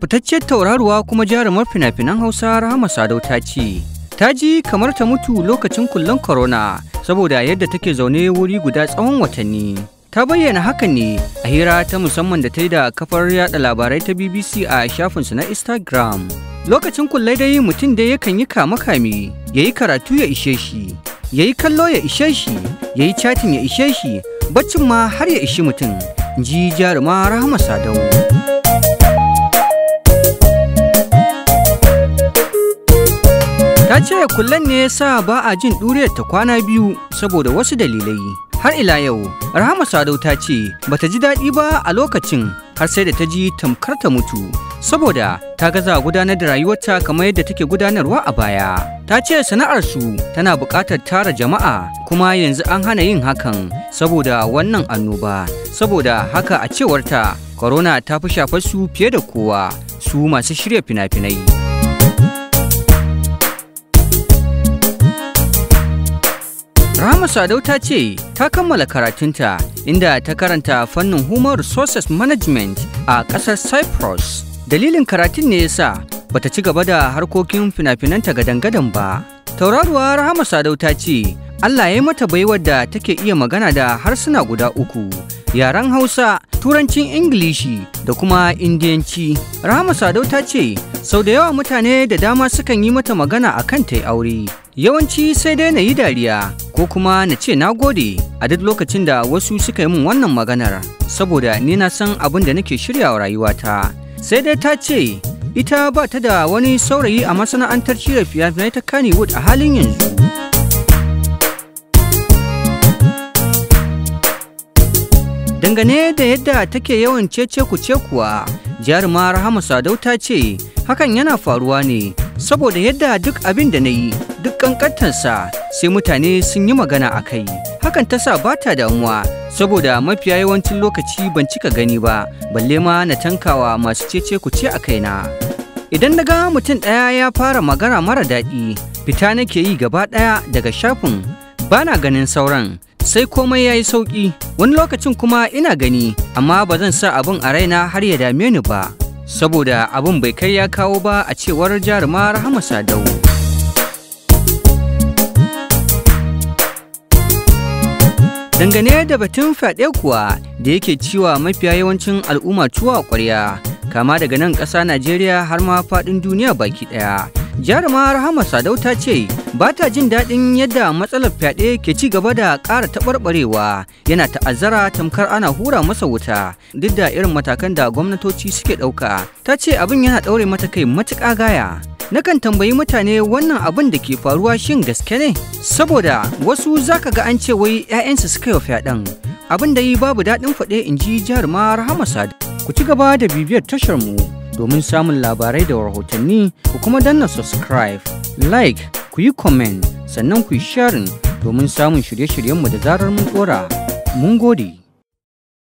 Fitacciyar tauraruwa kuma jarumar fina-finan Hausa Rahama Sadau ta ce, ta ji kamar ta mutu lokacin kullon corona saboda yadda take zaune wuri guda tsawon watanni. Ta bayyana haka ne a hira ta musamman da ta yi da kafar yada labarai ta BBC a shafinsu na Instagram. Lokacin kullai dai mutum dai yakan yi kamakami, kame ya yi karatu ya ishe shi, ya yi kallo ya ishe shi, ya yi chatting ya ishe shi, baccin ma har ya ishi mutum, ji jaruma Rahama Sadau. Ta ce kullen ne sa ba a jin ɗuriyar ta kwana biyu saboda wasu dalilai. Har ila yau, Rahama Sadau ta ce ba ta ji daɗi ba a lokacin har sai da ta ji tamkar ta mutu saboda ta gaza gudanar da rayuwarta kamar yadda take gudanarwa a baya. Ta ce sana'arsu tana buƙatar tara jama'a kuma yanzu an hana yin hakan saboda wannan annoba. Saboda haka a cewarta, corona ta fi shafar su fiye da kowa, su masu shirya fina-finai. Rahama Sadau ta ce ta kammala karatunta inda ta karanta fannin Human Resources Management a ƙasar Cyprus. Dalilin karatun ne yasa bata ci gaba da harkokin fina-finanta gadan-gadan ba. Tauraruwa Rahama Sadau ta ce Allah ya yi mata baiwar da take iya magana da harsuna guda uku. Yaren Hausa, Turancin Ingilishi da kuma Indiyanci. Rahama Sadau ta ce sau da yawa mutane da dama sukan yi mata magana a kan ta yi aure. Yawanci sai dai na yi dariya ko kuma na ce na gode a duk lokacin da wasu suka yi min wannan maganar saboda ni na san abin da nake shirya wa rayuwata sai dai ta ce ita ba ta da wani saurayi a masana'antar shirya fiye ta kannywood a halin yanzu dangane da yadda take yawan cece ku ce kuwa jarumar rahama sadau ta ce hakan yana faruwa ne saboda yadda duk abin da na yi duk kankantarsa sai mutane sun yi magana a kai hakan ta sa ba ta damuwa saboda mafiya yawancin lokaci ban cika gani ba balle ma na tankawa masu cece ku ce a kai na. idan na ga mutum ɗaya ya fara magana mara daɗi fita nake yi gaba ɗaya daga shafin ba na ganin sauran sai komai ya yi sauƙi wani lokacin kuma ina gani amma ba zan sa abin a raina har ya dame ni ba saboda abin bai kai ya kawo ba a cewar jaruma rahama sadau dangane da batun fyaɗe kuwa da yake ciwa mafiya yawancin al'umma tuwa ƙwarya kama daga nan ƙasa najeriya har ma faɗin duniya baki ɗaya jarumar rahama sadau ta ce ba ta jin daɗin yadda matsalar fyaɗe ke ci gaba da ƙara taɓarɓarewa yana ta'azzara tamkar ana hura masa wuta duk da irin matakan da gwamnatoci suke ɗauka ta ce abin yana ɗaure mata kai matuƙa gaya nakan tambayi mutane wannan abin da ke faruwa shin gaske ne saboda wasu zaka ga an ce wai 'ya'yansu suka yi fyaɗen abin da yi babu daɗin faɗe in ji jarumar rahama sadau ku ci gaba da bibiyar tashar mu domin samun labarai da rahotanni ku kuma danna subscribe, like, ku yi comment sannan ku yi sharing domin samun shirye-shiryenmu da zarar mun kora. Mun gode.